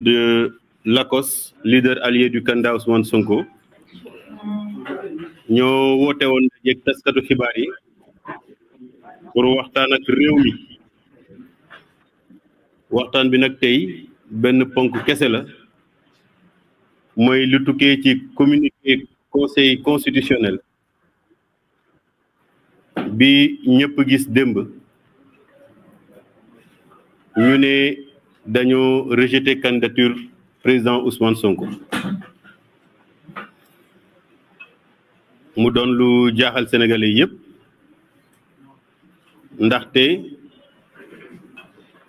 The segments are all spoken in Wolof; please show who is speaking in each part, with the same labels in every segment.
Speaker 1: de l'ACOS leader allié du candidat Ousmane Sonko ñoo woote woon pour waxtaan ak réew mi waxtaan bi nag tey benn ponk kese la mooy lu tukkee ci communiqué conseil constitutionnel bi ñëpp gis démb ñu dañoo rejeté candidature président Ousmane Sonko mu doon lu jaaxal sénégalais yépp ndaxte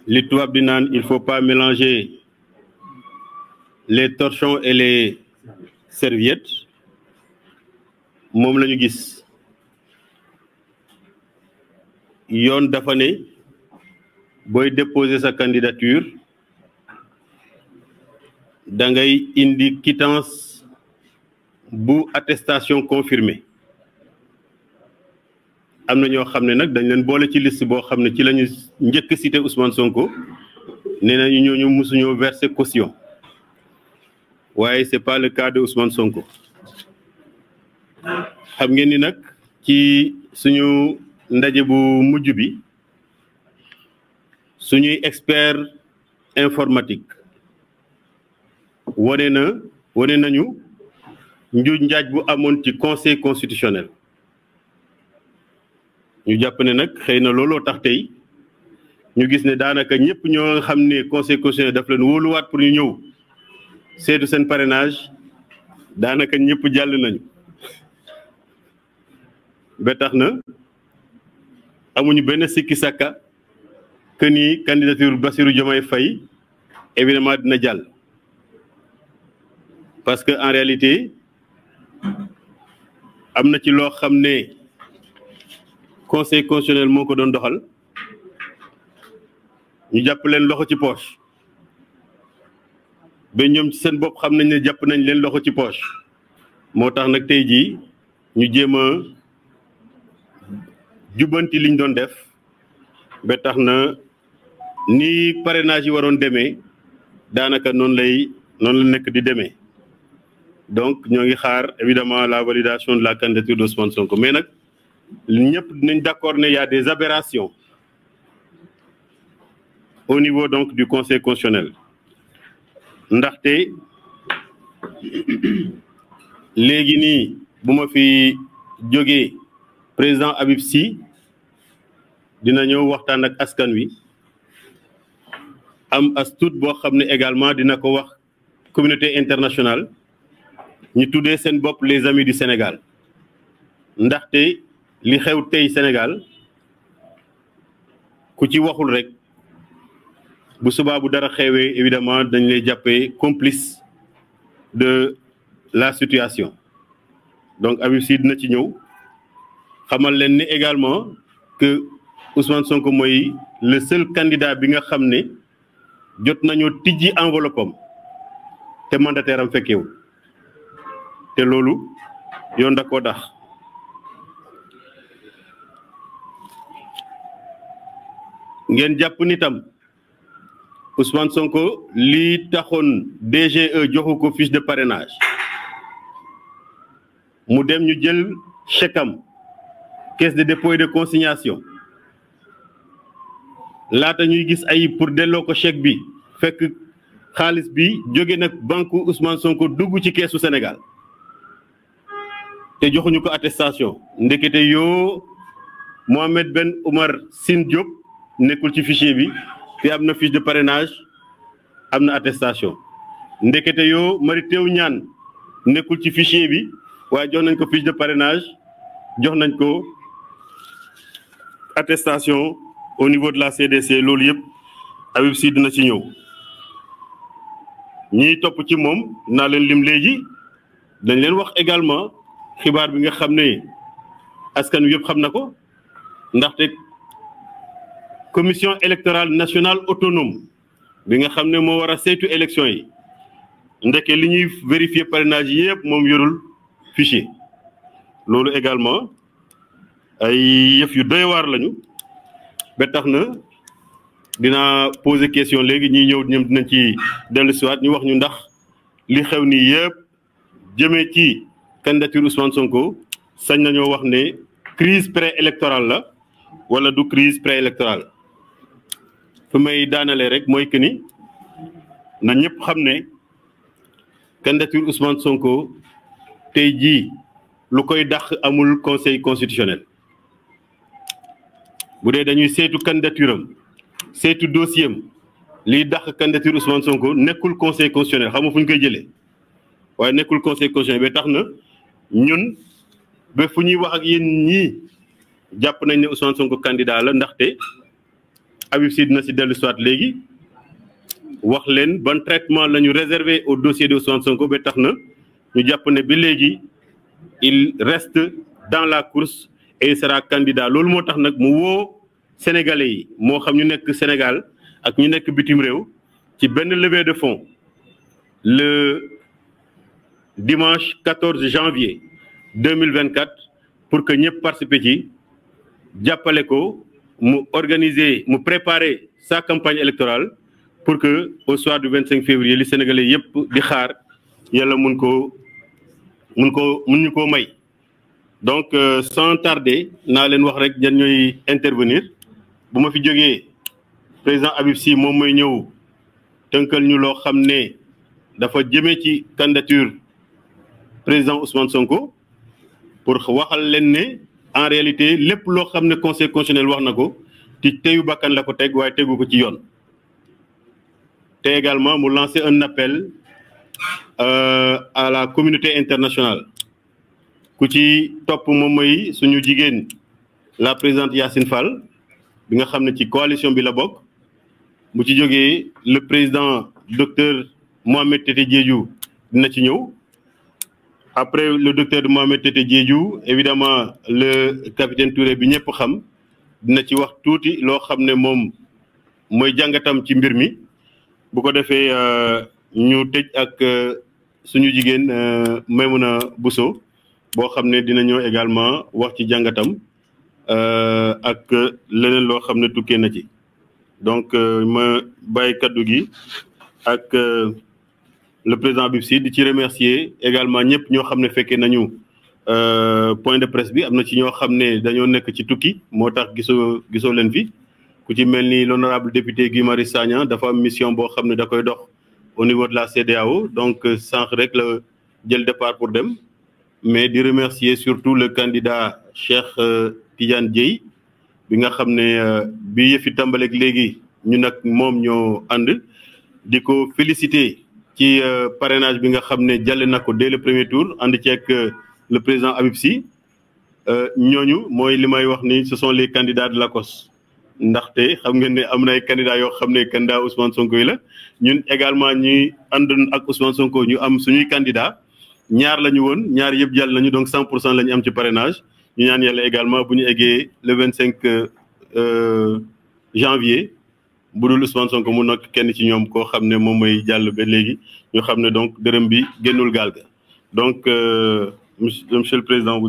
Speaker 1: li tubaab di naan il faut pas mélanger les torchons et les serviettes moom la ñu gis yoon dafa ne booy déposer sa candidature da ngay indi quittance bu attestation confirmée am na ñoo xam ne nag dañ leen boole ci liste boo xam ne ci lañu njëkk cité Ousmane Sonko nee nañu ñooñu mosuñoo verser caution waaye c'est pas le cas de Ousmane Sonko xam ngeen ni nag ci suñu ndaje bu mujj bi suñuy expert informatique wane na wane nañu njuuj njaaj bu amoon ci conseil constitutionnel ñu jàpp ne nag xëy na looloo tax tey ñu gis ne daanaka ñëpp ñoo xam ne conseil constitutionnel daf leen wóoluwaat pour ñu ñëw seetu seen parrainage daanaka ñëpp jàll nañu ba tax na amuñu benn sikki sàkka que ni candidature Bassirou Diomaye Faye évidemment dina jàll parce que en réalité am na ci loo xam ne conseil constitutionnel moo ko doon doxal ñu jàpp leen loxo ci poche ba ñoom ci seen bopp xam nañ ne jàpp nañ leen loxo ci poche moo tax nag tey jii ñu jéem a jubbanti liñ doon def ba tax na ni parrainage yi waroon demee daanaka noonu lay noonu la nekk di demee donc ñoo ngi xaar évidemment la validation de la candidature d'Ousmane Sonko mais nag ñëpp nañ d'accord ne y a des aberrations au niveau donc du conseil constitutionnel ndaxte léegi nii bu ma fi jógee président Habib Sy dina ñëw waxtaan ak askan wi am as tuut boo xam ne également dina ko wax communauté internationale ñu tuddee seen bopp les amis du Sénégal ndaxte li xew tey Sénégal ku ci waxul rek bu subaa bu dara xewee évidemment dañ lay jàppee complice de la situation donc Habib Sy dina ci ñëw xamal leen ne également que Ousmane Sonko mooy le seul candidat bi nga xam ne jot nañoo tijji enveloppe am te mandataire am fekkewul te loolu yoon da koo dax ngeen jàpp ni tam Sonko lii taxoon DGE joxu ko fiche de parrainage mu dem ñu jël chèque kees caisse de dépôt de consignation laata ñuy gis ay pour delloo ko chèque bi fekk xaalis bi jóge nag banque Ousmane Sonko dugg ci keesu senegal te joxuñu ko attestation ndekete yoo Mohamed Ben Oumar Sine Diop nekkul ci fichier bi te am na fiche de parrainage am na attestation ndekete yoo Mary Teuw Niane nekkul ci fichier bi waaye jox nañ ko fiche de parrainage jox nañ ko attestation au niveau de la CDC loolu yëpp Habib Sy dina ci ñëw ñiy topp ci moom na leen lim léegi dañ leen wax également xibaar bi nga xam ne askan wi yëpp xam na ko ndaxte commission électorale nationale autonome bi nga xam ne moo war a saytu élection yi ndeke li ñuy vérifier parrainage yëpp moom yorul fichier loolu également ay yëf yu doy waar lañu ba tax na dina poser question léegi ñiy ñëw ñoom dina ci dellusiwaat ñu wax ñu ndax li xew nii yëpp jëmee ci candidature Ousmane Sonko sañ nañoo wax ne crise préélectorale la wala du crise préélectorale fu may daanale rek mooy que ni na ñëpp xam ne candidature Ousmane Sonko tey jii lu koy dàq amul conseil constitutionnel bu dee dañuy saytu candidature am saytu dossier am liy dàq candidature Ousmane Sonko nekkul conseil constitutionnel xam fu ñu koy jëlee waaye nekkul conseil constitutionnel ba tax na. ñun ba fu ñuy wax ak yéen ñii jàpp nañ ne au Ousmane Sonko candidat la ndaxte Habib na dina si dellu soit léegi wax leen ban traitement la ñu réservé au dossier de Ousmane Sonko be tax na ñu jàpp ne bi léegi il reste dans la course et il candidat loolu moo tax nag mu woo sénégalais yi moo xam ñu nekk Sénégal ak ñu nekk bitim réew ci benn lever de fonds le dimanche 14 janvier 2024 pour que ñëpp participer ci jàppale ko mu organiser mu préparer sa campagne électorale pour que au soir du cinq février li sénégalais yëpp di xaar yàlla mun koo mun koo mun ñu koo may. donc euh, sans tarder naa leen wax rek ñan ñooy intervenir bu ma fi jógee président Habib Sy moom mooy ñëw tënkal ñu loo xam ne dafa jëmee ci candidature. président Ousmane Sonko pour waxal leen ne en réalité lépp loo xam ne conseil constitutionnel wax na ko ci teyu bakkan la ko teg waaye tegu ko ci yoon. te également mu lancer un appel euh, à la communauté internationale ku ci topp moom mooy suñu jigéen la présidente Yacine Fall bi nga xam ne ci coalition bi la bokk bu ci jógee le président docteur Mohamed Tete Diédhiou dina ci ñëw. après le docteur Mohamed Tete Diédhiou évidemment le capitaine Touré bi ñëpp xam dina ci wax tuuti loo xam ne moom mooy jàngatam ci mbir mi bu ko defee euh, ñu tëj ak euh, suñu jigéen euh, Maimouna Bousso boo xam ne dina ñëw également wax ci jàngatam ak leneen loo xam ne tukkee na ci donc ma bàyyi kaddu gi ak. le président Habib Sy di ci remercier également ñëpp ñoo xam ne fekkee nañu euh, point de presse bi am na ci ñoo xam ne dañoo nekk ci tukki moo tax gisoo gisoo leen fi ku ci mel ni l'honorable député Guy Marius dafa am mission boo xam ne da koy dox au niveau de la CEDEAO donc euh, sànq rek la jël départ pour dem mais di remercier surtout le candidat Cheikh euh, Tidiane Dieye bi nga xam ne bi yëfi tàmbaleeg léegi ñu nag moom ñoo ànd di ko féliciter ci euh, parrainage bi nga xam ne jàll na ko dès le premier tour ànd ceeg euh, le président Habib Sy euh, ñooñu mooy li may wax ni ce sont les candidats de la cause ndaxte xam ngeen ne am na ay candidats yoo xam ne candidat Ousmane Sonko yi la ñun également ñuy ànd ak Ousmane Sonko ñu am suñuy candidat ñaar lañu ñu woon ñaar yëpp jàll nañu donc 100 pour cent la am ci parrainage ñu ñaan yàlla également bu ñu eggee le 25 janvier. budul dul Ousmane Sonko mu nekk kenn ci ñoom koo xam ne moom mooy jàll ba léegi ñu xam ne donc dërëm bi génnul gaal donc euh, monsieur le président